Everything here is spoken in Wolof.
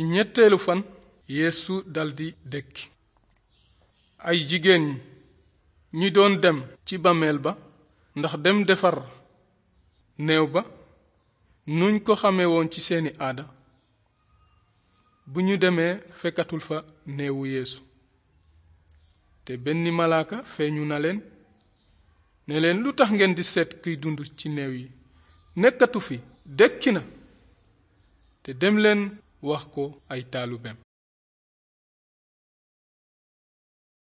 ci ñetteelu fan yéesu daldi dëkki ay jigéen ñi doon dem ci bàmmeel ba ndax dem defar néew ba nuñ ko xame woon ci seeni aada bu ñu demee fekkatul fa néewu yéesu te benn malaaka feeñu na leen ne leen lu tax ngeen di seet kuy dund ci néew yi nekkatu fi dëkki na te dem leen wax ko ay taalubem